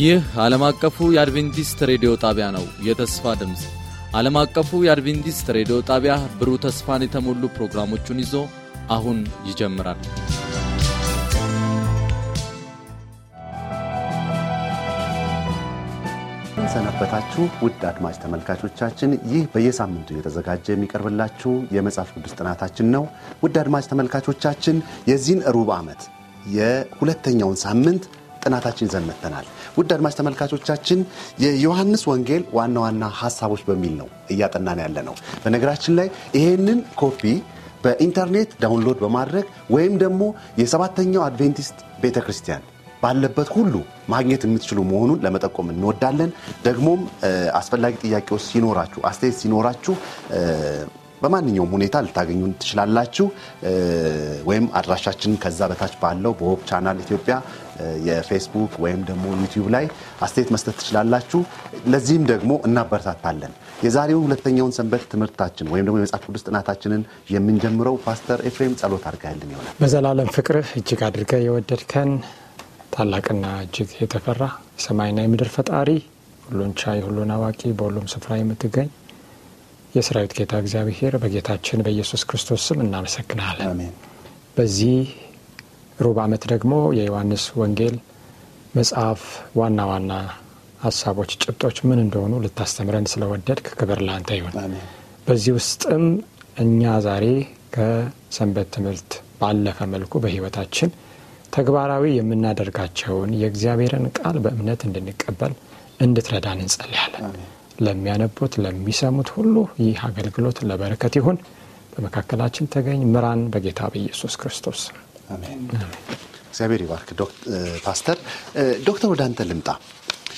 ይህ ዓለም አቀፉ የአድቬንቲስት ሬዲዮ ጣቢያ ነው። የተስፋ ድምፅ ዓለም አቀፉ የአድቬንቲስት ሬዲዮ ጣቢያ ብሩህ ተስፋን የተሞሉ ፕሮግራሞቹን ይዞ አሁን ይጀምራል። ሰነበታችሁ ውድ አድማጭ ተመልካቾቻችን፣ ይህ በየሳምንቱ እየተዘጋጀ የሚቀርብላችሁ የመጽሐፍ ቅዱስ ጥናታችን ነው። ውድ አድማጭ ተመልካቾቻችን የዚህን ሩብ ዓመት የሁለተኛውን ሳምንት ጥናታችን ይዘን ውድ አድማጭ ተመልካቾቻችን የዮሐንስ ወንጌል ዋና ዋና ሀሳቦች በሚል ነው እያጠናን ያለ ነው። በነገራችን ላይ ይሄንን ኮፒ በኢንተርኔት ዳውንሎድ በማድረግ ወይም ደግሞ የሰባተኛው አድቬንቲስት ቤተ ክርስቲያን ባለበት ሁሉ ማግኘት የምትችሉ መሆኑን ለመጠቆም እንወዳለን። ደግሞም አስፈላጊ ጥያቄዎች ሲኖራችሁ፣ አስተያየት ሲኖራችሁ በማንኛውም ሁኔታ ልታገኙን ትችላላችሁ። ወይም አድራሻችንን ከዛ በታች ባለው በወብ ቻናል ኢትዮጵያ የፌስቡክ ወይም ደግሞ ዩቲዩብ ላይ አስተያየት መስጠት ትችላላችሁ። ለዚህም ደግሞ እናበረታታለን። የዛሬውን ሁለተኛውን ሰንበት ትምህርታችን ወይም ደግሞ የመጽሐፍ ቅዱስ ጥናታችንን የምንጀምረው ፓስተር ኤፍሬም ጸሎት አድርጋልን ይሆናል። በዘላለም ፍቅርህ እጅግ አድርገ የወደድከን ታላቅና እጅግ የተፈራ የሰማይና የምድር ፈጣሪ ሁሉን ቻይ፣ ሁሉን አዋቂ፣ በሁሉም ስፍራ የምትገኝ የሰራዊት ጌታ እግዚአብሔር በጌታችን በኢየሱስ ክርስቶስ ስም እናመሰግናለን። በዚህ ሩብ ዓመት ደግሞ የዮሐንስ ወንጌል መጽሐፍ ዋና ዋና ሀሳቦች፣ ጭብጦች ምን እንደሆኑ ልታስተምረን ስለወደድክ ክብር ለአንተ ይሁን። በዚህ ውስጥም እኛ ዛሬ ከሰንበት ትምህርት ባለፈ መልኩ በህይወታችን ተግባራዊ የምናደርጋቸውን የእግዚአብሔርን ቃል በእምነት እንድንቀበል እንድትረዳን እንጸልያለን። ለሚያነቡት ለሚሰሙት ሁሉ ይህ አገልግሎት ለበረከት ይሁን። በመካከላችን ተገኝ፣ ምራን በጌታ በኢየሱስ ክርስቶስ እግዚአብሔር ይባርክ። ፓስተር ዶክተር ወደ አንተ ልምጣ።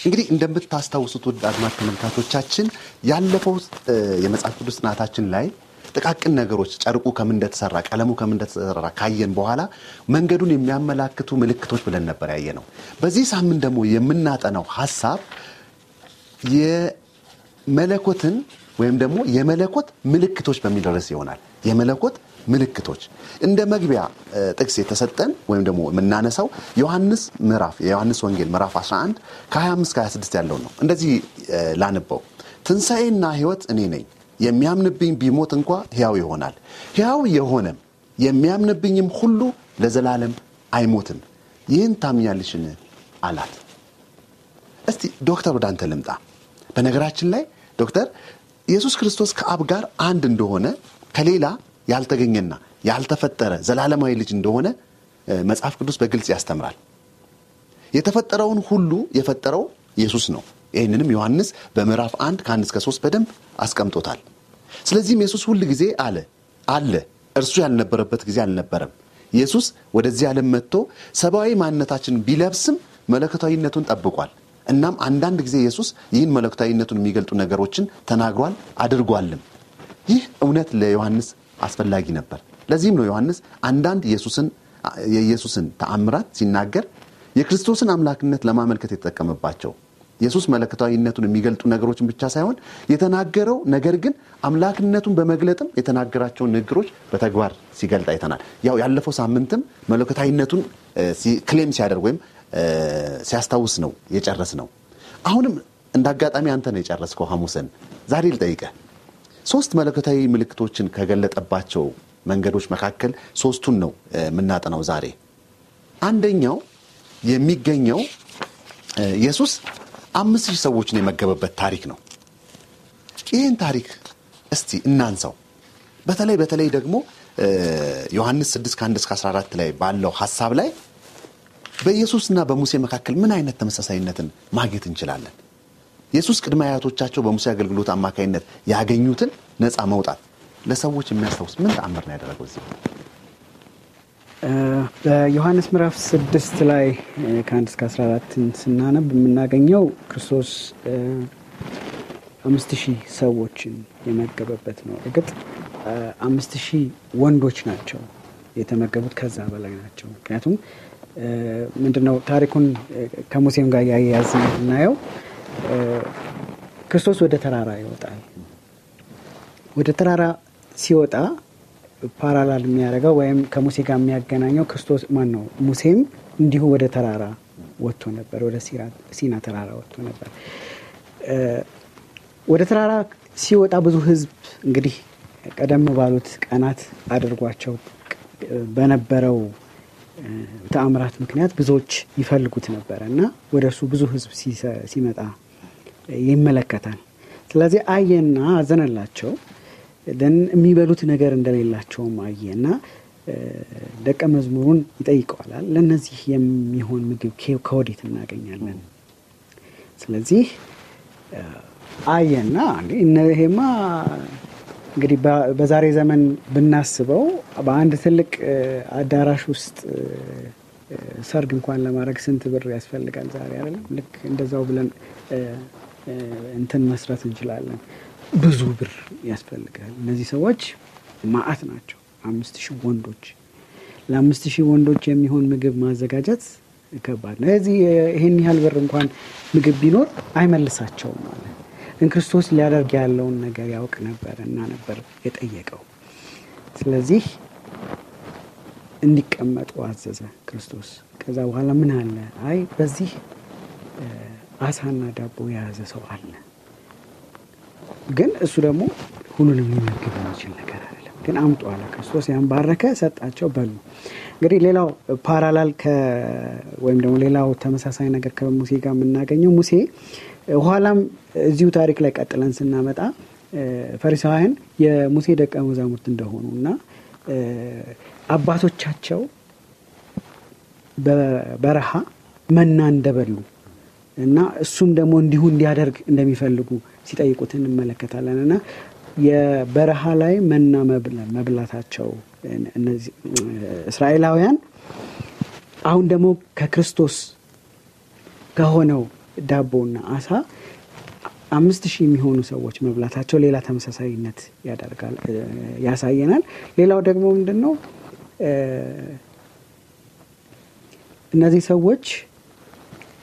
እንግዲህ እንደምታስታውሱት ውድ አድማር ተመልካቾቻችን ያለፈው የመጽሐፍ ቅዱስ ጥናታችን ላይ ጥቃቅን ነገሮች ጨርቁ ከምን እንደተሰራ ቀለሙ ከምን እንደተሰራ ካየን በኋላ መንገዱን የሚያመላክቱ ምልክቶች ብለን ነበር ያየ ነው። በዚህ ሳምንት ደግሞ የምናጠነው ሀሳብ መለኮትን ወይም ደግሞ የመለኮት ምልክቶች በሚል ርዕስ ይሆናል። የመለኮት ምልክቶች እንደ መግቢያ ጥቅስ የተሰጠን ወይም ደግሞ የምናነሳው ዮሐንስ ምዕራፍ የዮሐንስ ወንጌል ምዕራፍ 11 ከ25 26 ያለው ነው። እንደዚህ ላንበው። ትንሣኤና ሕይወት እኔ ነኝ፣ የሚያምንብኝ ቢሞት እንኳ ሕያው ይሆናል። ሕያው የሆነም የሚያምንብኝም ሁሉ ለዘላለም አይሞትም። ይህን ታምኛልሽን አላት። እስቲ ዶክተር ወዳንተ ልምጣ። በነገራችን ላይ ዶክተር ኢየሱስ ክርስቶስ ከአብ ጋር አንድ እንደሆነ ከሌላ ያልተገኘና ያልተፈጠረ ዘላለማዊ ልጅ እንደሆነ መጽሐፍ ቅዱስ በግልጽ ያስተምራል። የተፈጠረውን ሁሉ የፈጠረው ኢየሱስ ነው። ይህንንም ዮሐንስ በምዕራፍ አንድ ከአንድ እስከ ሶስት በደንብ አስቀምጦታል። ስለዚህም ኢየሱስ ሁል ጊዜ አለ አለ እርሱ ያልነበረበት ጊዜ አልነበረም። ኢየሱስ ወደዚህ ዓለም መጥቶ ሰብአዊ ማንነታችን ቢለብስም መለከታዊነቱን ጠብቋል። እናም አንዳንድ ጊዜ ኢየሱስ ይህን መለክታዊነቱን የሚገልጡ ነገሮችን ተናግሯል አድርጓልም። ይህ እውነት ለዮሐንስ አስፈላጊ ነበር። ለዚህም ነው ዮሐንስ አንዳንድ የኢየሱስን ተአምራት ሲናገር የክርስቶስን አምላክነት ለማመልከት የተጠቀመባቸው ኢየሱስ መለክታዊነቱን የሚገልጡ ነገሮችን ብቻ ሳይሆን የተናገረው ነገር ግን አምላክነቱን በመግለጥም የተናገራቸውን ንግግሮች በተግባር ሲገልጥ አይተናል። ያው ያለፈው ሳምንትም መለክታዊነቱን ክሌም ሲያደርግ ወይም ሲያስታውስ ነው የጨረስ ነው። አሁንም እንደ አጋጣሚ አንተ ነው የጨረስከው ሐሙስን። ዛሬ ልጠይቀ ሶስት መለከታዊ ምልክቶችን ከገለጠባቸው መንገዶች መካከል ሶስቱን ነው የምናጠነው ዛሬ። አንደኛው የሚገኘው ኢየሱስ አምስት ሺህ ሰዎችን የመገበበት ታሪክ ነው። ይህን ታሪክ እስቲ እናንሳው። በተለይ በተለይ ደግሞ ዮሐንስ 6 ከ1 እስከ 14 ላይ ባለው ሀሳብ ላይ በኢየሱስና በሙሴ መካከል ምን አይነት ተመሳሳይነትን ማግኘት እንችላለን? ኢየሱስ ቅድመ አያቶቻቸው በሙሴ አገልግሎት አማካኝነት ያገኙትን ነፃ መውጣት ለሰዎች የሚያስታውስ ምን ተአምር ነው ያደረገው? እዚህ በዮሐንስ ምዕራፍ ስድስት ላይ ከአንድ እስከ 14ን ስናነብ የምናገኘው ክርስቶስ አምስት ሺህ ሰዎችን የመገበበት ነው። እርግጥ አምስት ሺህ ወንዶች ናቸው የተመገቡት፣ ከዛ በላይ ናቸው። ምክንያቱም ምንድነው ታሪኩን ከሙሴም ጋር ያያዝ የምናየው ክርስቶስ ወደ ተራራ ይወጣል። ወደ ተራራ ሲወጣ ፓራላል የሚያደርገው ወይም ከሙሴ ጋር የሚያገናኘው ክርስቶስ ማን ነው? ሙሴም እንዲሁ ወደ ተራራ ወጥቶ ነበር። ወደ ሲና ተራራ ወጥቶ ነበር። ወደ ተራራ ሲወጣ ብዙ ህዝብ እንግዲህ ቀደም ባሉት ቀናት አድርጓቸው በነበረው በተአምራት ምክንያት ብዙዎች ይፈልጉት ነበረ እና ወደ እርሱ ብዙ ህዝብ ሲመጣ ይመለከታል። ስለዚህ አየና አዘነላቸው። ደን የሚበሉት ነገር እንደሌላቸውም አየና ደቀ መዝሙሩን ይጠይቀዋላል። ለእነዚህ የሚሆን ምግብ ከወዴት እናገኛለን? ስለዚህ አየና ይሄማ እንግዲህ በዛሬ ዘመን ብናስበው በአንድ ትልቅ አዳራሽ ውስጥ ሰርግ እንኳን ለማድረግ ስንት ብር ያስፈልጋል? ዛሬ አይደለም ልክ እንደዛው ብለን እንትን መስረት እንችላለን። ብዙ ብር ያስፈልጋል። እነዚህ ሰዎች ማአት ናቸው። አምስት ሺህ ወንዶች ለአምስት ሺህ ወንዶች የሚሆን ምግብ ማዘጋጀት ከባድ ነው። እዚህ ይህን ያህል ብር እንኳን ምግብ ቢኖር አይመልሳቸውም ማለት ግን ክርስቶስ ሊያደርግ ያለውን ነገር ያውቅ ነበር እና ነበር የጠየቀው። ስለዚህ እንዲቀመጡ አዘዘ ክርስቶስ። ከዛ በኋላ ምን አለ? አይ በዚህ አሳና ዳቦ የያዘ ሰው አለ፣ ግን እሱ ደግሞ ሁሉንም ሊመግብ የሚችል ነገር አይደለም፣ ግን አምጡ አለ ክርስቶስ። ያን ባረከ፣ ሰጣቸው፣ በሉ። እንግዲህ ሌላው ፓራላል ወይም ደግሞ ሌላው ተመሳሳይ ነገር ከሙሴ ጋር የምናገኘው ሙሴ ኋላም እዚሁ ታሪክ ላይ ቀጥለን ስናመጣ ፈሪሳውያን የሙሴ ደቀ መዛሙርት እንደሆኑ እና አባቶቻቸው በበረሃ መና እንደበሉ እና እሱም ደግሞ እንዲሁ እንዲያደርግ እንደሚፈልጉ ሲጠይቁት እንመለከታለን እና የበረሃ ላይ መና መብላታቸው እስራኤላውያን አሁን ደግሞ ከክርስቶስ ከሆነው ዳቦና አሳ አምስት ሺህ የሚሆኑ ሰዎች መብላታቸው ሌላ ተመሳሳይነት ያደርጋል ያሳየናል። ሌላው ደግሞ ምንድን ነው እነዚህ ሰዎች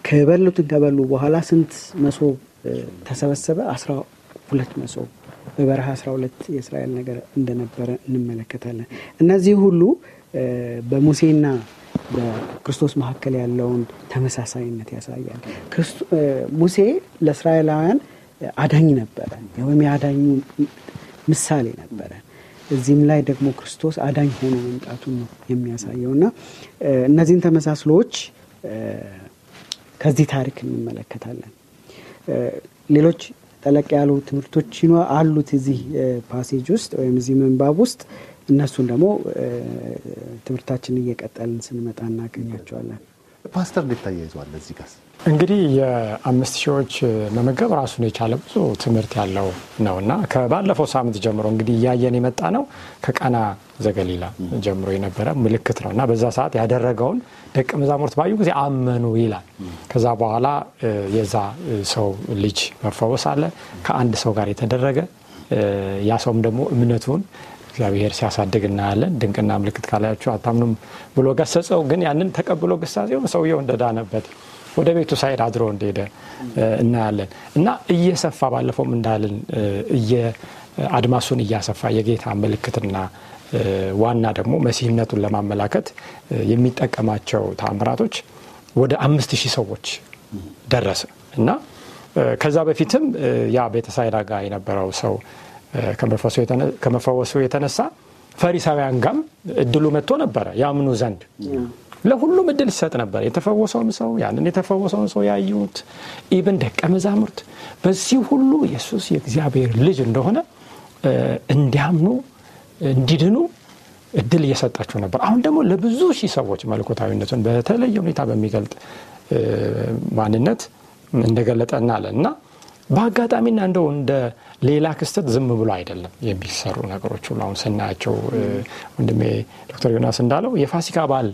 ከበሉትን ከበሉ በኋላ ስንት መሶብ ተሰበሰበ? አስራ ሁለት መሶብ በበረሃ አስራ ሁለት የእስራኤል ነገር እንደነበረ እንመለከታለን። እነዚህ ሁሉ በሙሴና በክርስቶስ መካከል ያለውን ተመሳሳይነት ያሳያል። ሙሴ ለእስራኤላውያን አዳኝ ነበረ ወይም የአዳኙ ምሳሌ ነበረ። እዚህም ላይ ደግሞ ክርስቶስ አዳኝ ሆኖ መምጣቱን ነው የሚያሳየው እና እነዚህን ተመሳስሎዎች ከዚህ ታሪክ እንመለከታለን። ሌሎች ጠለቅ ያሉ ትምህርቶች አሉት እዚህ ፓሴጅ ውስጥ ወይም እዚህ መንባብ ውስጥ እነሱን ደግሞ ትምህርታችንን እየቀጠልን ስንመጣ እናገኛቸዋለን። ፓስተር እንዴት ታያይዘዋል? እዚህ ጋር እንግዲህ የአምስት ሺዎች መመገብ ራሱን የቻለ ብዙ ትምህርት ያለው ነው እና ከባለፈው ሳምንት ጀምሮ እንግዲህ እያየን የመጣ ነው ከቀና ዘገሊላ ጀምሮ የነበረ ምልክት ነው እና በዛ ሰዓት ያደረገውን ደቀ መዛሙርት ባዩ ጊዜ አመኑ ይላል። ከዛ በኋላ የዛ ሰው ልጅ መፈወስ አለ ከአንድ ሰው ጋር የተደረገ ያ ሰውም ደግሞ እምነቱን እግዚአብሔር ሲያሳድግ እናያለን። ድንቅና ምልክት ካላያቸው አታምኑም ብሎ ገሰጸው። ግን ያንን ተቀብሎ ግሳጼውን ሰውየው እንደዳነበት ወደ ቤቱ ሳይድ አድሮ እንደሄደ እናያለን እና እየሰፋ ባለፈውም እንዳልን አድማሱን እያሰፋ የጌታ ምልክትና ዋና ደግሞ መሲህነቱን ለማመላከት የሚጠቀማቸው ተአምራቶች ወደ አምስት ሺህ ሰዎች ደረሰ እና ከዛ በፊትም ያ ቤተሳይዳ ጋር የነበረው ሰው ከመፈወሱ የተነሳ ፈሪሳውያን ጋም እድሉ መጥቶ ነበረ ያምኑ ዘንድ ለሁሉም እድል ይሰጥ ነበር። የተፈወሰውም ሰው ያንን የተፈወሰውን ሰው ያዩት ኢብን ደቀ መዛሙርት በዚህ ሁሉ ኢየሱስ የእግዚአብሔር ልጅ እንደሆነ እንዲያምኑ እንዲድኑ እድል እየሰጣቸው ነበር። አሁን ደግሞ ለብዙ ሺህ ሰዎች መልኮታዊነቱን በተለየ ሁኔታ በሚገልጥ ማንነት እንደገለጠ እናለን እና በአጋጣሚና እንደው እንደ ሌላ ክስተት ዝም ብሎ አይደለም የሚሰሩ ነገሮች ሁሉ አሁን ስናያቸው ወንድሜ ዶክተር ዮናስ እንዳለው የፋሲካ በዓል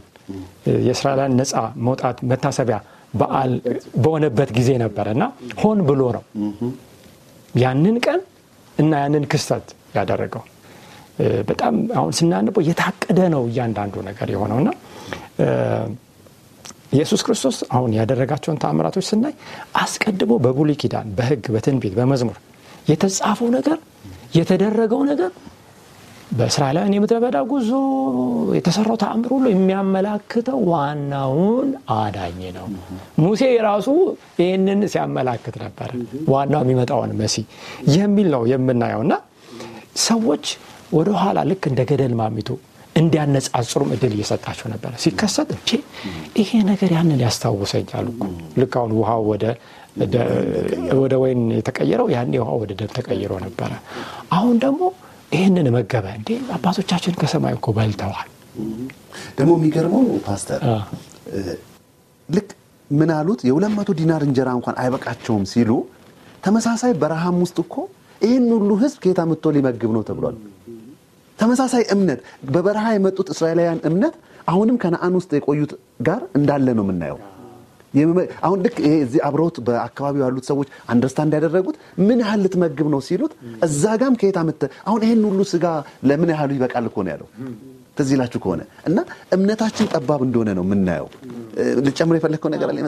የእስራኤላን ነፃ መውጣት መታሰቢያ በዓል በሆነበት ጊዜ ነበረ እና ሆን ብሎ ነው ያንን ቀን እና ያንን ክስተት ያደረገው። በጣም አሁን ስናንበው የታቀደ ነው እያንዳንዱ ነገር እና ኢየሱስ ክርስቶስ አሁን ያደረጋቸውን ተአምራቶች ስናይ አስቀድሞ በብሉይ ኪዳን በህግ በትንቢት፣ በመዝሙር የተጻፈው ነገር የተደረገው ነገር በእስራኤላውያን የምድረ በዳ ጉዞ የተሰራው ተአምር ሁሉ የሚያመላክተው ዋናውን አዳኝ ነው። ሙሴ ራሱ ይህንን ሲያመላክት ነበር። ዋናው የሚመጣውን መሲ የሚል ነው የምናየው እና ሰዎች ወደኋላ ልክ እንደ ገደል ማሚቱ እንዲያነጻጽሩም እድል እየሰጣቸው ነበር ሲከሰት ይሄ ነገር ያንን ያስታውሰኛል። ልክ አሁን ውሃው ወደ ወደ ወይን የተቀየረው ያኔ ውሃ ወደ ደም ተቀይሮ ነበረ። አሁን ደግሞ ይህንን መገበ እንዴ አባቶቻችን ከሰማይ እኮ በልተዋል። ደግሞ የሚገርመው ፓስተር ልክ ምን አሉት የሁለት መቶ ዲናር እንጀራ እንኳን አይበቃቸውም ሲሉ ተመሳሳይ በረሃም ውስጥ እኮ ይህን ሁሉ ህዝብ ጌታ ምቶ ሊመግብ ነው ተብሏል። ተመሳሳይ እምነት በበረሃ የመጡት እስራኤላውያን እምነት አሁንም ከነአን ውስጥ የቆዩት ጋር እንዳለ ነው የምናየው። አሁን ልክ እዚህ አብረውት በአካባቢው ያሉት ሰዎች አንደርስታንድ ያደረጉት ምን ያህል ልትመግብ ነው ሲሉት፣ እዛ ጋም ከየት ምት አሁን ይህን ሁሉ ስጋ ለምን ያህሉ ይበቃል እኮ ነው ያለው። ትዝ ከሆነ እና እምነታችን ጠባብ እንደሆነ ነው የምናየው። ልጨምር የፈለግከው ነገር አለ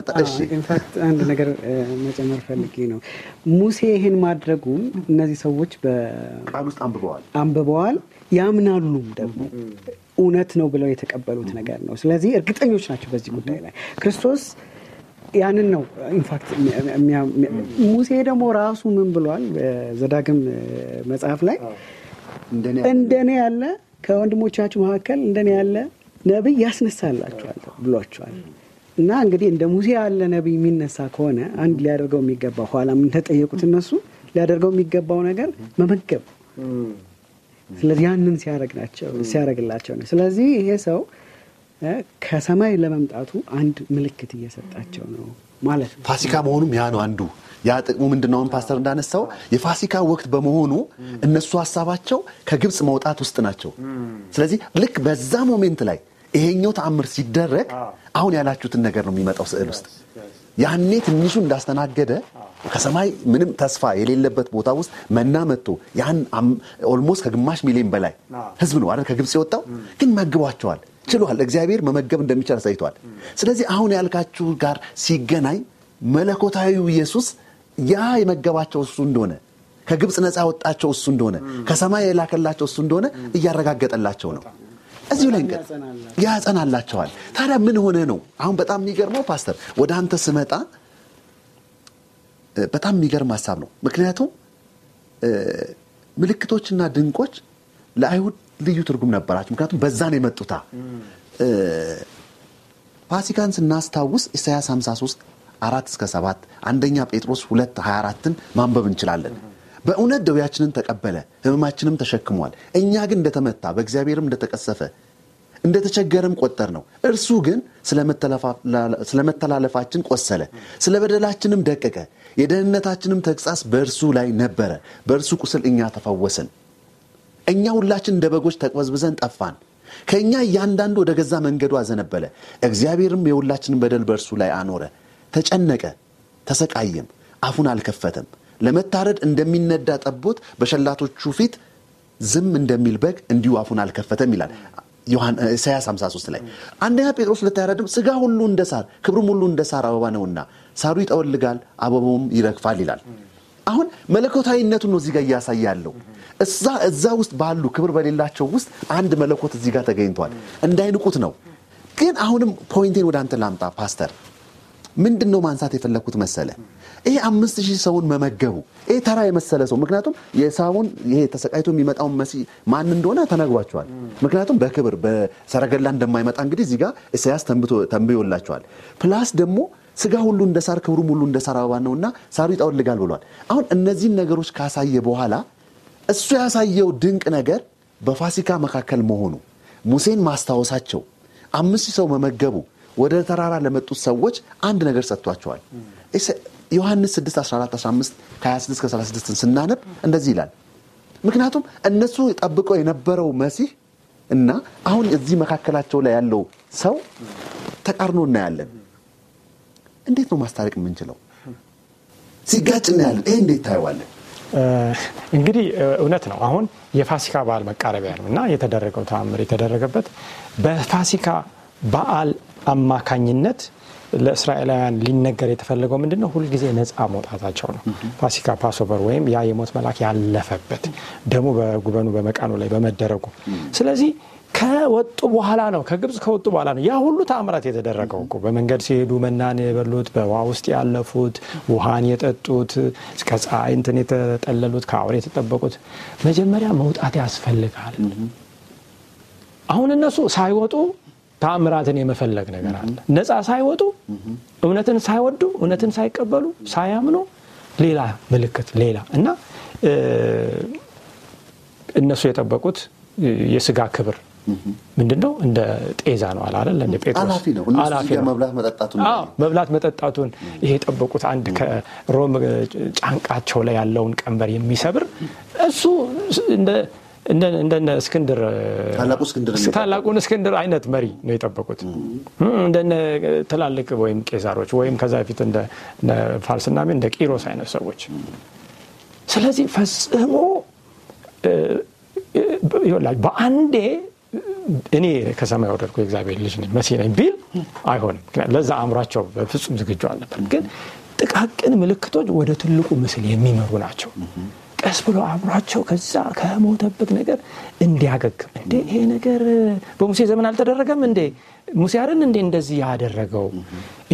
አንድ ነገር መጨመር ፈልጌ ነው። ሙሴ ይህን ማድረጉም እነዚህ ሰዎች በቃል ውስጥ አንብበዋል አንብበዋል ያምናሉም ደግሞ እውነት ነው ብለው የተቀበሉት ነገር ነው። ስለዚህ እርግጠኞች ናቸው በዚህ ጉዳይ ላይ ክርስቶስ ያንን ነው ኢንፋክት ሙሴ ደግሞ ራሱ ምን ብሏል? ዘዳግም መጽሐፍ ላይ እንደኔ ያለ ከወንድሞቻችሁ መካከል እንደኔ ያለ ነቢይ ያስነሳላችኋል ብሏቸዋል። እና እንግዲህ እንደ ሙሴ ያለ ነቢይ የሚነሳ ከሆነ አንድ ሊያደርገው የሚገባ ኋላ ምንተጠየቁት እነሱ ሊያደርገው የሚገባው ነገር መመገብ ስለዚህ ያንን ሲያደረግላቸው ነው። ስለዚህ ይሄ ሰው ከሰማይ ለመምጣቱ አንድ ምልክት እየሰጣቸው ነው ማለት ነው። ፋሲካ መሆኑም ያ ነው አንዱ ያ ጥቅሙ ምንድነውን ፓስተር እንዳነሳው የፋሲካ ወቅት በመሆኑ እነሱ ሀሳባቸው ከግብፅ መውጣት ውስጥ ናቸው። ስለዚህ ልክ በዛ ሞሜንት ላይ ይሄኛው ተአምር ሲደረግ አሁን ያላችሁትን ነገር ነው የሚመጣው ስዕል ውስጥ ያኔ ትንሹ እንዳስተናገደ ከሰማይ ምንም ተስፋ የሌለበት ቦታ ውስጥ መና መጥቶ ያን ኦልሞስት ከግማሽ ሚሊዮን በላይ ህዝብ ነው አይደል ከግብፅ የወጣው ግን መግቧቸዋል። ችሏል። እግዚአብሔር መመገብ እንደሚቻል አሳይቷል። ስለዚህ አሁን ያልካችሁ ጋር ሲገናኝ መለኮታዊ ኢየሱስ ያ የመገባቸው እሱ እንደሆነ ከግብፅ ነፃ ወጣቸው እሱ እንደሆነ ከሰማይ የላከላቸው እሱ እንደሆነ እያረጋገጠላቸው ነው። እዚሁ ላይ እንቀጥ ያጸናላቸዋል። ታዲያ ምን ሆነ ነው? አሁን በጣም የሚገርመው ፓስተር፣ ወደ አንተ ስመጣ በጣም የሚገርም ሀሳብ ነው። ምክንያቱም ምልክቶችና ድንቆች ለአይሁድ ልዩ ትርጉም ነበራቸው። ምክንያቱም በዛ ነው የመጡታ። ፋሲካን ስናስታውስ ኢሳያስ 53 አራት እስከ ሰባት አንደኛ ጴጥሮስ ሁለት 24ን ማንበብ እንችላለን። በእውነት ደውያችንን ተቀበለ ህመማችንም ተሸክሟል። እኛ ግን እንደተመታ በእግዚአብሔርም እንደተቀሰፈ እንደተቸገረም ቆጠር ነው። እርሱ ግን ስለመተላለፋችን ቆሰለ፣ ስለ በደላችንም ደቀቀ። የደህንነታችንም ተግጻስ በእርሱ ላይ ነበረ፣ በእርሱ ቁስል እኛ ተፈወስን። እኛ ሁላችን እንደ በጎች ተቅበዝብዘን ጠፋን። ከእኛ እያንዳንዱ ወደ ገዛ መንገዱ አዘነበለ። እግዚአብሔርም የሁላችንን በደል በእርሱ ላይ አኖረ። ተጨነቀ፣ ተሰቃየም፣ አፉን አልከፈተም። ለመታረድ እንደሚነዳ ጠቦት በሸላቶቹ ፊት ዝም እንደሚል በግ እንዲሁ አፉን አልከፈተም ይላል ኢሳያስ 53 ላይ። አንደኛ ጴጥሮስ ሁለት ስጋ ሁሉ እንደ ሳር ክብርም ሁሉ እንደ ሳር አበባ ነውና ሳሩ ይጠወልጋል፣ አበባውም ይረግፋል ይላል። አሁን መለኮታዊነቱን ነው እዚህ ጋር እዛ እዛ ውስጥ ባሉ ክብር በሌላቸው ውስጥ አንድ መለኮት እዚህ ጋር ተገኝቷል። እንዳይንቁት ነው። ግን አሁንም ፖይንቴን ወደ አንተ ላምጣ ፓስተር። ምንድን ነው ማንሳት የፈለግኩት መሰለ ይሄ አምስት ሺህ ሰውን መመገቡ ይሄ ተራ የመሰለ ሰው ምክንያቱም የሳውን ይሄ ተሰቃይቶ የሚመጣውን መሲ ማን እንደሆነ ተነግሯቸዋል። ምክንያቱም በክብር በሰረገላ እንደማይመጣ እንግዲህ እዚህ ጋር ኢሳያስ ተንብዮላቸዋል። ፕላስ ደግሞ ስጋ ሁሉ እንደ ሳር ክብሩም ሁሉ እንደ ሳር አበባ ነውና ሳሩ ይጠወልጋል ብሏል። አሁን እነዚህን ነገሮች ካሳየ በኋላ እሱ ያሳየው ድንቅ ነገር በፋሲካ መካከል መሆኑ፣ ሙሴን ማስታወሳቸው፣ አምስት ሰው መመገቡ ወደ ተራራ ለመጡት ሰዎች አንድ ነገር ሰጥቷቸዋል። ዮሐንስ 6 14 ስናነብ እንደዚህ ይላል። ምክንያቱም እነሱ ጠብቀው የነበረው መሲህ እና አሁን እዚህ መካከላቸው ላይ ያለው ሰው ተቃርኖ እናያለን። እንዴት ነው ማስታረቅ የምንችለው? ሲጋጭ እናያለን። ይሄ እንዴት ታየዋለን? እንግዲህ እውነት ነው። አሁን የፋሲካ በዓል መቃረቢያ ነው እና የተደረገው ተአምር የተደረገበት በፋሲካ በዓል አማካኝነት ለእስራኤላውያን ሊነገር የተፈለገው ምንድ ነው? ሁልጊዜ ነፃ መውጣታቸው ነው። ፋሲካ ፓስኦቨር፣ ወይም ያ የሞት መልአክ ያለፈበት ደግሞ በጉበኑ በመቃኑ ላይ በመደረጉ ስለዚህ ከወጡ በኋላ ነው፣ ከግብፅ ከወጡ በኋላ ነው ያ ሁሉ ተአምራት የተደረገው እኮ። በመንገድ ሲሄዱ መናን የበሉት፣ በውሃ ውስጥ ያለፉት፣ ውሃን የጠጡት፣ ፀሐይ እንትን የተጠለሉት፣ ከአውሬ የተጠበቁት። መጀመሪያ መውጣት ያስፈልጋል። አሁን እነሱ ሳይወጡ ተአምራትን የመፈለግ ነገር አለ። ነፃ ሳይወጡ እውነትን ሳይወዱ እውነትን ሳይቀበሉ ሳያምኑ ሌላ ምልክት ሌላ እና እነሱ የጠበቁት የስጋ ክብር ምንድን ነው እንደ ጤዛ ነው አለ አለ እንደ ጴጥሮስ መብላት መጠጣቱን ይሄ የጠበቁት አንድ ከሮም ጫንቃቸው ላይ ያለውን ቀንበር የሚሰብር እሱ እንደ እስክንድር ታላቁን እስክንድር አይነት መሪ ነው የጠበቁት። እንደነ ትላልቅ ወይም ቄዛሮች ወይም ከዛ በፊት እንደ ፋርስና እንደ ቂሮስ አይነት ሰዎች። ስለዚህ ፈጽሞ በአንዴ እኔ ከሰማይ ወደድኩ የእግዚአብሔር ልጅ ነኝ መሲህ ነኝ ቢል አይሆንም። ለዛ አእምሯቸው በፍጹም ዝግጁ አልነበር። ግን ጥቃቅን ምልክቶች ወደ ትልቁ ምስል የሚመሩ ናቸው። ቀስ ብሎ አእምሯቸው ከዛ ከሞተበት ነገር እንዲያገግም። እንዴ ይሄ ነገር በሙሴ ዘመን አልተደረገም እንዴ ሙሴ አርን እንዴ እንደዚህ ያደረገው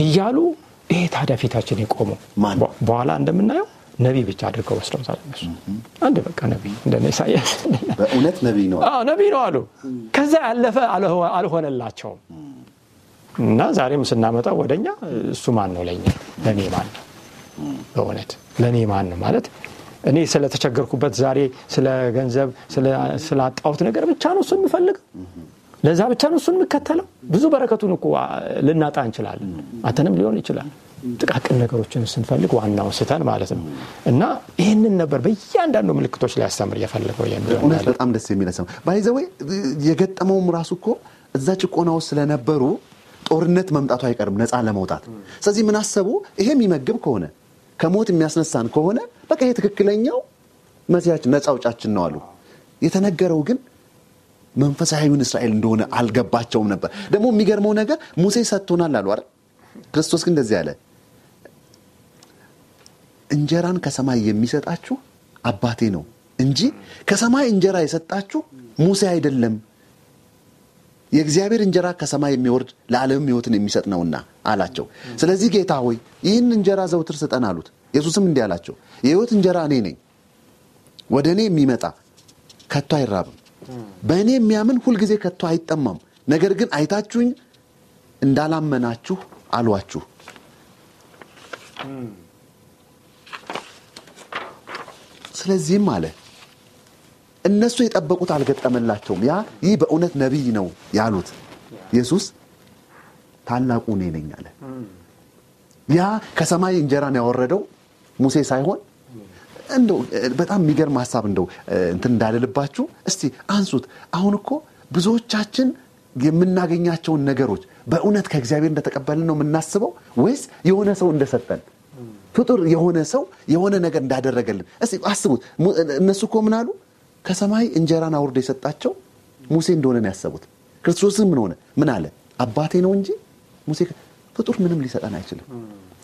እያሉ ይሄ ታዲያ ፊታችን የቆመው በኋላ እንደምናየው ነቢይ ብቻ አድርገው ወስደውታል እነሱ አንድ በቃ ነቢይ እንደ ኢሳያስ በእውነት ነቢይ ነው ነቢይ ነው አሉ ከዛ ያለፈ አልሆነላቸውም እና ዛሬም ስናመጣው ወደኛ እሱ ማን ነው ለኛ ለእኔ ማን ነው በእውነት ለእኔ ማን ነው ማለት እኔ ስለተቸገርኩበት ዛሬ ስለ ገንዘብ ስላጣሁት ነገር ብቻ ነው እሱ የሚፈልገው ለዛ ብቻ ነው እሱን የምከተለው። ብዙ በረከቱን እኮ ልናጣ እንችላለን። አተንም ሊሆን ይችላል። ጥቃቅን ነገሮችን ስንፈልግ ዋናው ስተን ማለት ነው። እና ይህንን ነበር በእያንዳንዱ ምልክቶች ላይ ያስተምር የፈለገው የሚሆነት በጣም ደስ የሚለ ሰው ባይዘዌ የገጠመውም ራሱ እኮ እዛ ጭቆናው ስለነበሩ ጦርነት መምጣቱ አይቀርም ነፃ ለመውጣት። ስለዚህ ምን አሰቡ? ይሄ የሚመግብ ከሆነ ከሞት የሚያስነሳን ከሆነ በቃ ይሄ ትክክለኛው መሲያችን ነፃ ውጫችን ነው አሉ። የተነገረው ግን መንፈሳዊውን እስራኤል እንደሆነ አልገባቸውም ነበር። ደግሞ የሚገርመው ነገር ሙሴ ሰጥቶናል አሉ አይደል? ክርስቶስ ግን እንደዚህ አለ፣ እንጀራን ከሰማይ የሚሰጣችሁ አባቴ ነው እንጂ ከሰማይ እንጀራ የሰጣችሁ ሙሴ አይደለም። የእግዚአብሔር እንጀራ ከሰማይ የሚወርድ ለዓለምም ህይወትን የሚሰጥ ነውና አላቸው። ስለዚህ ጌታ ሆይ ይህን እንጀራ ዘውትር ስጠን አሉት። ኢየሱስም እንዲህ አላቸው፣ የህይወት እንጀራ እኔ ነኝ፣ ወደ እኔ የሚመጣ ከቶ አይራብም በእኔ የሚያምን ሁልጊዜ ከቶ አይጠማም። ነገር ግን አይታችሁኝ እንዳላመናችሁ አሏችሁ። ስለዚህም አለ እነሱ የጠበቁት አልገጠመላቸውም። ያ ይህ በእውነት ነቢይ ነው ያሉት ኢየሱስ ታላቁ እኔ ነኝ አለ። ያ ከሰማይ እንጀራን ያወረደው ሙሴ ሳይሆን እንደው በጣም የሚገርም ሀሳብ እንደው እንትን እንዳልልባችሁ እስቲ አንሱት። አሁን እኮ ብዙዎቻችን የምናገኛቸውን ነገሮች በእውነት ከእግዚአብሔር እንደተቀበልን ነው የምናስበው ወይስ የሆነ ሰው እንደሰጠን ፍጡር የሆነ ሰው የሆነ ነገር እንዳደረገልን እስቲ አስቡት። እነሱ እኮ ምን አሉ? ከሰማይ እንጀራን አውርዶ የሰጣቸው ሙሴ እንደሆነ ነው ያሰቡት። ክርስቶስም ምን ሆነ? ምን አለ? አባቴ ነው እንጂ ሙሴ ፍጡር ምንም ሊሰጠን አይችልም።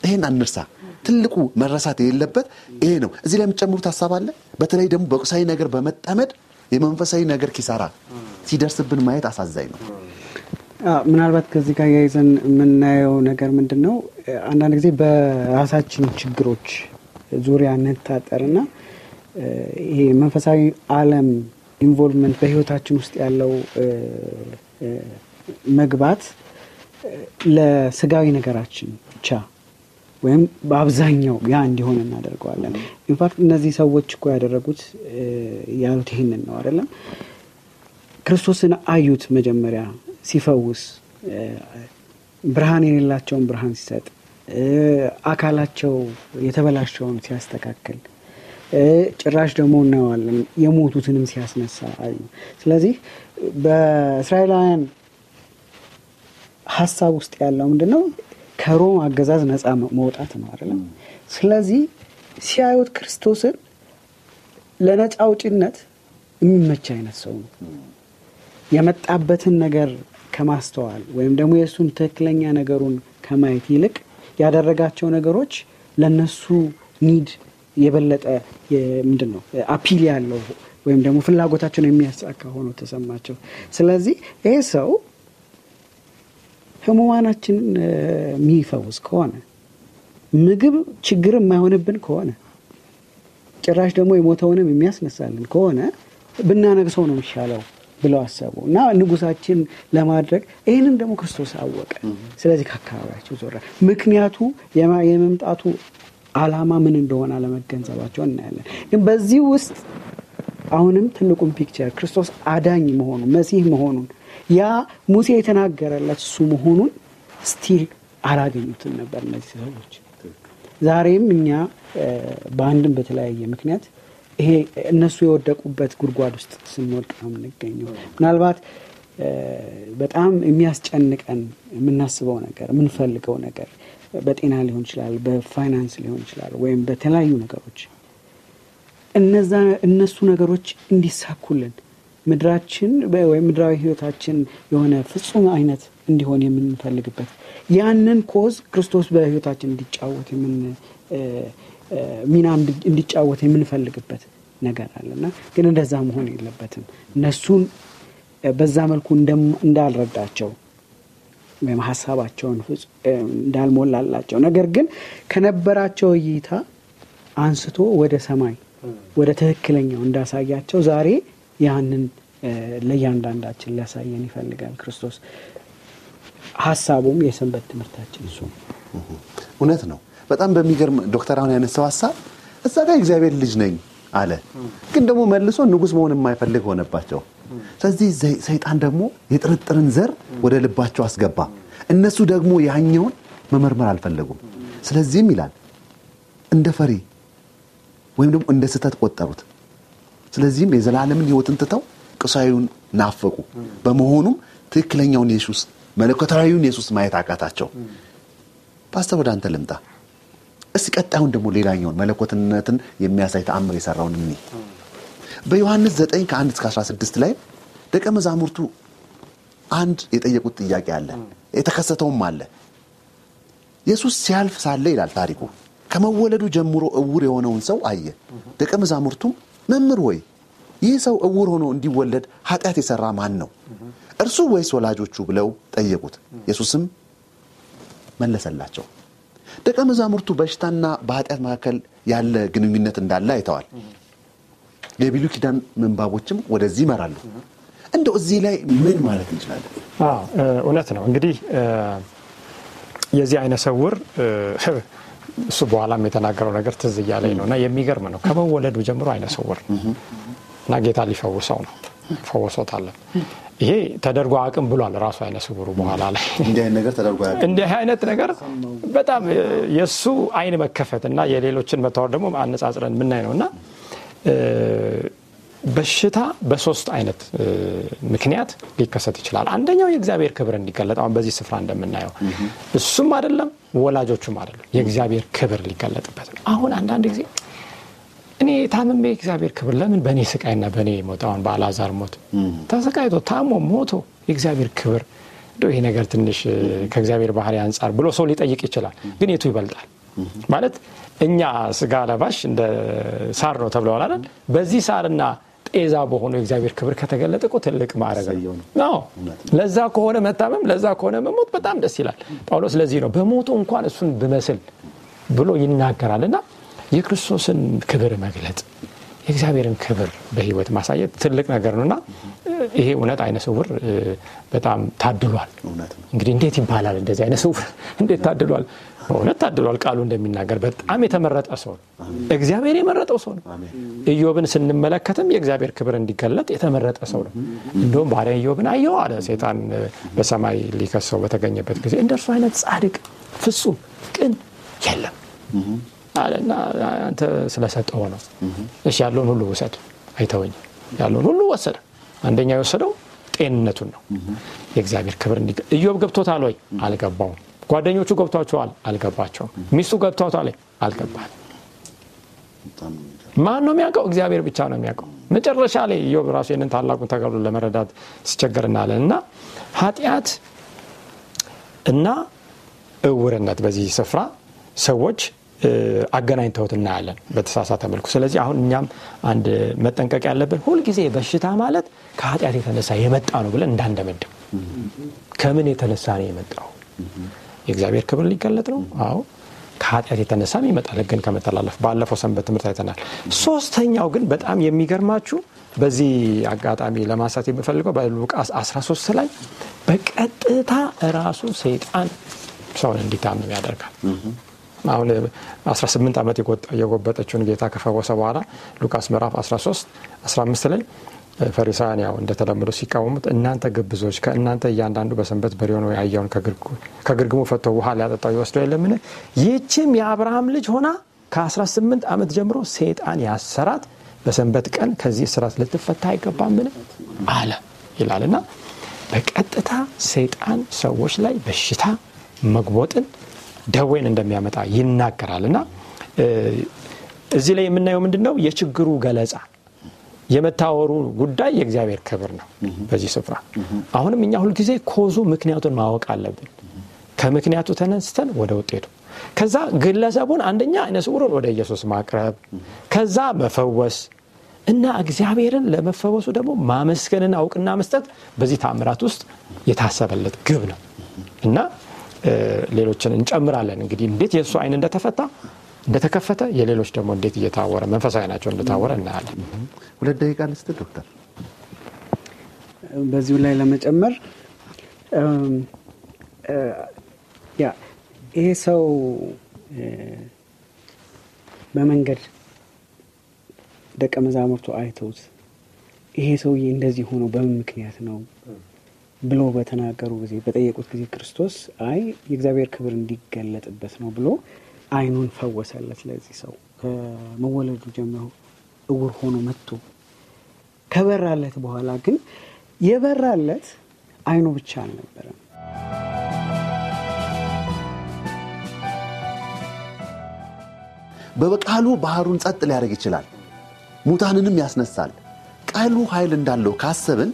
ይሄን አንርሳ። ትልቁ መረሳት የሌለበት ይሄ ነው። እዚህ ላይ የምጨምሩት ሀሳብ አለ? በተለይ ደግሞ በቁሳዊ ነገር በመጠመድ የመንፈሳዊ ነገር ኪሳራ ሲደርስብን ማየት አሳዛኝ ነው። ምናልባት ከዚህ ጋር ያይዘን የምናየው ነገር ምንድን ነው? አንዳንድ ጊዜ በራሳችን ችግሮች ዙሪያ እንታጠርና ይሄ መንፈሳዊ አለም ኢንቮልቭመንት በህይወታችን ውስጥ ያለው መግባት ለስጋዊ ነገራችን ብቻ ወይም በአብዛኛው ያ እንዲሆን እናደርገዋለን። ኢንፋክት እነዚህ ሰዎች እኮ ያደረጉት ያሉት ይህንን ነው አይደለም። ክርስቶስን አዩት መጀመሪያ ሲፈውስ፣ ብርሃን የሌላቸውን ብርሃን ሲሰጥ፣ አካላቸው የተበላሸውን ሲያስተካክል፣ ጭራሽ ደግሞ እናየዋለን የሞቱትንም ሲያስነሳ አዩ። ስለዚህ በእስራኤላውያን ሀሳብ ውስጥ ያለው ምንድን ነው? ከሮም አገዛዝ ነፃ መውጣት ነው አይደለም። ስለዚህ ሲያዩት ክርስቶስን ለነፃ ውጭነት የሚመች አይነት ሰው ነው። የመጣበትን ነገር ከማስተዋል ወይም ደግሞ የእሱን ትክክለኛ ነገሩን ከማየት ይልቅ ያደረጋቸው ነገሮች ለነሱ ኒድ የበለጠ ምንድን ነው አፒል ያለው ወይም ደግሞ ፍላጎታቸውን የሚያሳካ ሆኖ ተሰማቸው። ስለዚህ ይሄ ሰው ህሙዋናችን የሚፈውስ ከሆነ ምግብ ችግር የማይሆንብን ከሆነ ጭራሽ ደግሞ የሞተውንም የሚያስነሳልን ከሆነ ብናነግሰው ነው የሚሻለው ብለው አሰቡ እና ንጉሳችን ለማድረግ ይህንን ደግሞ ክርስቶስ አወቀ። ስለዚህ ከአካባቢያቸው ዞረ። ምክንያቱ የመምጣቱ አላማ ምን እንደሆነ አለመገንዘባቸው እናያለን። ግን በዚህ ውስጥ አሁንም ትልቁን ፒክቸር ክርስቶስ አዳኝ መሆኑ መሲህ መሆኑን ያ ሙሴ የተናገረለት እሱ መሆኑን ስቲል አላገኙትም ነበር እነዚህ ሰዎች። ዛሬም እኛ በአንድም በተለያየ ምክንያት ይሄ እነሱ የወደቁበት ጉድጓድ ውስጥ ስንወድቅ ነው የምንገኘው። ምናልባት በጣም የሚያስጨንቀን የምናስበው ነገር የምንፈልገው ነገር በጤና ሊሆን ይችላል፣ በፋይናንስ ሊሆን ይችላል፣ ወይም በተለያዩ ነገሮች እነሱ ነገሮች እንዲሳኩልን ምድራችን ወይም ምድራዊ ህይወታችን የሆነ ፍጹም አይነት እንዲሆን የምንፈልግበት ያንን ኮዝ ክርስቶስ በህይወታችን እንዲጫወት የምን ሚና እንዲጫወት የምንፈልግበት ነገር አለ ግን እንደዛ መሆን የለበትም። እነሱን በዛ መልኩ እንዳልረዳቸው ወይም ሀሳባቸውን እንዳልሞላላቸው፣ ነገር ግን ከነበራቸው እይታ አንስቶ ወደ ሰማይ ወደ ትክክለኛው እንዳሳያቸው ዛሬ ያንን ለእያንዳንዳችን ሊያሳየን ይፈልጋል ክርስቶስ። ሀሳቡም የሰንበት ትምህርታችን እሱ እውነት ነው። በጣም በሚገርም ዶክተር አሁን ያነሳው ሀሳብ እዛ ጋር እግዚአብሔር ልጅ ነኝ አለ፣ ግን ደግሞ መልሶ ንጉስ መሆን የማይፈልግ ሆነባቸው። ስለዚህ ሰይጣን ደግሞ የጥርጥርን ዘር ወደ ልባቸው አስገባ። እነሱ ደግሞ ያኛውን መመርመር አልፈለጉም። ስለዚህም ይላል እንደ ፈሪ ወይም ደግሞ እንደ ስህተት ቆጠሩት። ስለዚህም የዘላለምን ህይወትን ትተው ቁሳዊውን ናፈቁ። በመሆኑም ትክክለኛውን ኢየሱስ መለኮታዊውን ኢየሱስ ማየት አቃታቸው። ፓስተር ወደ አንተ ልምጣ እስቲ ቀጣዩን ደግሞ ሌላኛውን መለኮትነትን የሚያሳይ ተአምር የሰራውን እኒ በዮሐንስ 9 ከ1 እስከ 16 ላይ ደቀ መዛሙርቱ አንድ የጠየቁት ጥያቄ አለ፣ የተከሰተውም አለ። ኢየሱስ ሲያልፍ ሳለ ይላል ታሪኩ ከመወለዱ ጀምሮ እውር የሆነውን ሰው አየ። ደቀ መዛሙርቱም መምህር ወይ ይህ ሰው እውር ሆኖ እንዲወለድ ኃጢአት የሰራ ማን ነው እርሱ ወይስ ወላጆቹ ብለው ጠየቁት ኢየሱስም መለሰላቸው ደቀ መዛሙርቱ በሽታና በኃጢአት መካከል ያለ ግንኙነት እንዳለ አይተዋል የቢሉ ኪዳን መንባቦችም ወደዚህ ይመራሉ እንደው እዚህ ላይ ምን ማለት እንችላለን እውነት ነው እንግዲህ የዚህ አይነ ሰውር እሱ በኋላም የተናገረው ነገር ትዝ እያለኝ ነው እና የሚገርም ነው። ከመወለዱ ጀምሮ አይነ ስውር እና ጌታ ሊፈውሰው ነው ፈወሶታለን። ይሄ ተደርጎ አቅም ብሏል ራሱ አይነ ስውሩ በኋላ ላይ እንዲህ አይነት ነገር በጣም የእሱ አይን መከፈት እና የሌሎችን መታወር ደግሞ አነጻጽረን ምናይ ነው እና በሽታ በሶስት አይነት ምክንያት ሊከሰት ይችላል። አንደኛው የእግዚአብሔር ክብር እንዲገለጥ አሁን በዚህ ስፍራ እንደምናየው እሱም አይደለም ወላጆቹም አይደለም። የእግዚአብሔር ክብር ሊገለጥበት ነው። አሁን አንዳንድ ጊዜ እኔ ታምሜ የእግዚአብሔር ክብር ለምን በእኔ ስቃይና በእኔ ሞት አሁን በአልዓዛር ሞት ተሰቃይቶ ታሞ ሞቶ የእግዚአብሔር ክብር እንደው ይሄ ነገር ትንሽ ከእግዚአብሔር ባህሪ አንጻር ብሎ ሰው ሊጠይቅ ይችላል። ግን የቱ ይበልጣል ማለት እኛ ስጋ ለባሽ እንደ ሳር ነው ተብለዋል አይደል? በዚህ ሳርና ጤዛ በሆነው የእግዚአብሔር ክብር ከተገለጠ ቁ ትልቅ ማዕረግ ነው። ለዛ ከሆነ መታመም፣ ለዛ ከሆነ መሞት በጣም ደስ ይላል። ጳውሎስ ለዚህ ነው በሞቱ እንኳን እሱን ብመስል ብሎ ይናገራል እና የክርስቶስን ክብር መግለጥ የእግዚአብሔርን ክብር በህይወት ማሳየት ትልቅ ነገር ነው እና ይሄ እውነት አይነ ስውር በጣም ታድሏል። እንግዲህ እንዴት ይባላል እንደዚህ አይነ ስውር እንዴት ታድሏል? በእውነት ታድሏል። ቃሉ እንደሚናገር በጣም የተመረጠ ሰው ነው። እግዚአብሔር የመረጠው ሰው ነው። ኢዮብን ስንመለከትም የእግዚአብሔር ክብር እንዲገለጥ የተመረጠ ሰው ነው። እንደውም ባሪያ ኢዮብን አየው አለ ሰይጣን በሰማይ ሊከሰው በተገኘበት ጊዜ እንደርሱ አይነት ጻድቅ ፍጹም ቅን የለም አለና አንተ ስለሰጠው ነው። እሺ ያለውን ሁሉ ውሰድ፣ አይተወኝ። ያለውን ሁሉ ወሰደ። አንደኛ የወሰደው ጤንነቱን ነው። የእግዚአብሔር ክብር እንዲ ኢዮብ ገብቶታል ወይ? አልገባውም ጓደኞቹ ገብቷቸዋል አልገባቸውም ሚስቱ ገብቷታል አልገባል ማን ነው የሚያውቀው እግዚአብሔር ብቻ ነው የሚያውቀው መጨረሻ ላይ ኢዮብ ራሱ ይንን ታላቁን ተገብሎ ለመረዳት ሲቸገር እናለን እና ኃጢአት እና እውርነት በዚህ ስፍራ ሰዎች አገናኝተውት እናያለን በተሳሳተ መልኩ ስለዚህ አሁን እኛም አንድ መጠንቀቅ ያለብን ሁልጊዜ በሽታ ማለት ከኃጢአት የተነሳ የመጣ ነው ብለን እንዳንደመድም ከምን የተነሳ ነው የመጣው የእግዚአብሔር ክብር ሊገለጥ ነው። አዎ ከኃጢአት የተነሳም ይመጣል ህግን ከመተላለፍ። ባለፈው ሰንበት ትምህርት አይተናል። ሶስተኛው ግን በጣም የሚገርማችሁ በዚህ አጋጣሚ ለማንሳት የምፈልገው በሉቃስ 13 ላይ በቀጥታ ራሱ ሰይጣን ሰውን እንዲታምም ያደርጋል። አሁን 18 ዓመት የጎበጠችውን ጌታ ከፈወሰ በኋላ ሉቃስ ምዕራፍ 13 15 ላይ ፈሪሳውያን ያው እንደተለመደው ሲቃወሙት እናንተ ግብዞች ከእናንተ እያንዳንዱ በሰንበት በሬውን ወይ አህያውን ከግርግሙ ፈቶ ውሃ ሊያጠጣው ይወስደው የለምን? ይህችም የአብርሃም ልጅ ሆና ከ18 ዓመት ጀምሮ ሰይጣን ያሰራት በሰንበት ቀን ከዚህ እስራት ልትፈታ አይገባምን አለ ይላልና በቀጥታ ሰይጣን ሰዎች ላይ በሽታ መግቦጥን፣ ደዌን እንደሚያመጣ ይናገራልና እዚህ ላይ የምናየው ምንድን ነው? የችግሩ ገለጻ የመታወሩ ጉዳይ የእግዚአብሔር ክብር ነው። በዚህ ስፍራ አሁንም እኛ ሁል ጊዜ ኮዙ ምክንያቱን ማወቅ አለብን። ከምክንያቱ ተነስተን ወደ ውጤቱ ከዛ ግለሰቡን አንደኛ አይነ ስውሩን ወደ ኢየሱስ ማቅረብ ከዛ መፈወስ እና እግዚአብሔርን ለመፈወሱ ደግሞ ማመስገንና እውቅና መስጠት በዚህ ታምራት ውስጥ የታሰበለት ግብ ነው እና ሌሎችን እንጨምራለን እንግዲህ እንዴት የእሱ አይን እንደተፈታ እንደተከፈተ የሌሎች ደግሞ እንዴት እየታወረ መንፈሳዊ ናቸው እንደታወረ እናያለን። ሁለት ደቂቃ ልስት ዶክተር በዚሁ ላይ ለመጨመር ይሄ ሰው በመንገድ ደቀ መዛሙርቱ አይተውት ይሄ ሰውዬ እንደዚህ ሆኖ በምን ምክንያት ነው ብሎ በተናገሩ ጊዜ በጠየቁት ጊዜ ክርስቶስ አይ የእግዚአብሔር ክብር እንዲገለጥበት ነው ብሎ አይኑን ፈወሰለት። ለዚህ ሰው ከመወለዱ ጀምሮ እውር ሆኖ መጥቶ ከበራለት በኋላ ግን የበራለት አይኑ ብቻ አልነበረም። በቃሉ ባህሩን ጸጥ ሊያደርግ ይችላል፣ ሙታንንም ያስነሳል። ቃሉ ኃይል እንዳለው ካሰብን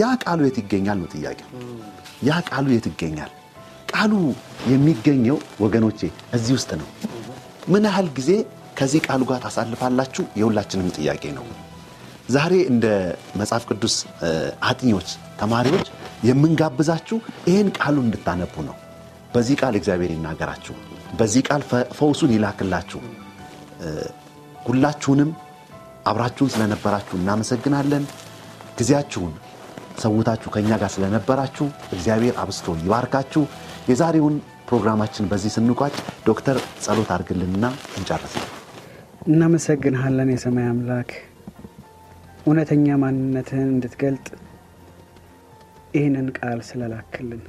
ያ ቃሉ የት ይገኛል ነው ጥያቄ ያ ቃሉ የት ይገኛል? ቃሉ የሚገኘው ወገኖቼ እዚህ ውስጥ ነው። ምን ያህል ጊዜ ከዚህ ቃሉ ጋር ታሳልፋላችሁ? የሁላችንም ጥያቄ ነው። ዛሬ እንደ መጽሐፍ ቅዱስ አጥኚዎች፣ ተማሪዎች የምንጋብዛችሁ ይህን ቃሉን እንድታነቡ ነው። በዚህ ቃል እግዚአብሔር ይናገራችሁ፣ በዚህ ቃል ፈውሱን ይላክላችሁ። ሁላችሁንም አብራችሁን ስለነበራችሁ እናመሰግናለን። ጊዜያችሁን ሰውታችሁ ከእኛ ጋር ስለነበራችሁ እግዚአብሔር አብስቶ ይባርካችሁ። የዛሬውን ፕሮግራማችን በዚህ ስንቋጭ ዶክተር ጸሎት አርግልንና እንጨርስ። እናመሰግንሃለን የሰማይ አምላክ እውነተኛ ማንነትህን እንድትገልጥ ይህንን ቃል ስለላክልን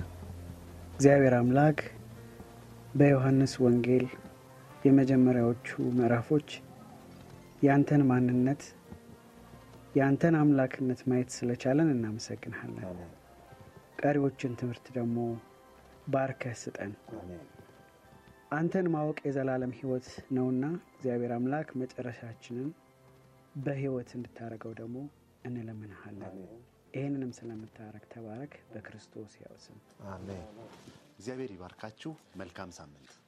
እግዚአብሔር አምላክ በዮሐንስ ወንጌል የመጀመሪያዎቹ ምዕራፎች ያንተን ማንነት ያንተን አምላክነት ማየት ስለቻለን እናመሰግንሃለን። ቀሪዎችን ትምህርት ደግሞ ባርከ ስጠን። አንተን ማወቅ የዘላለም ህይወት ነውና እግዚአብሔር አምላክ መጨረሻችንን በህይወት እንድታደርገው ደግሞ እንለምንሃለን። ይህንንም ስለምታረግ ተባረክ። በክርስቶስ ያውስም አሜን። እግዚአብሔር ይባርካችሁ። መልካም ሳምንት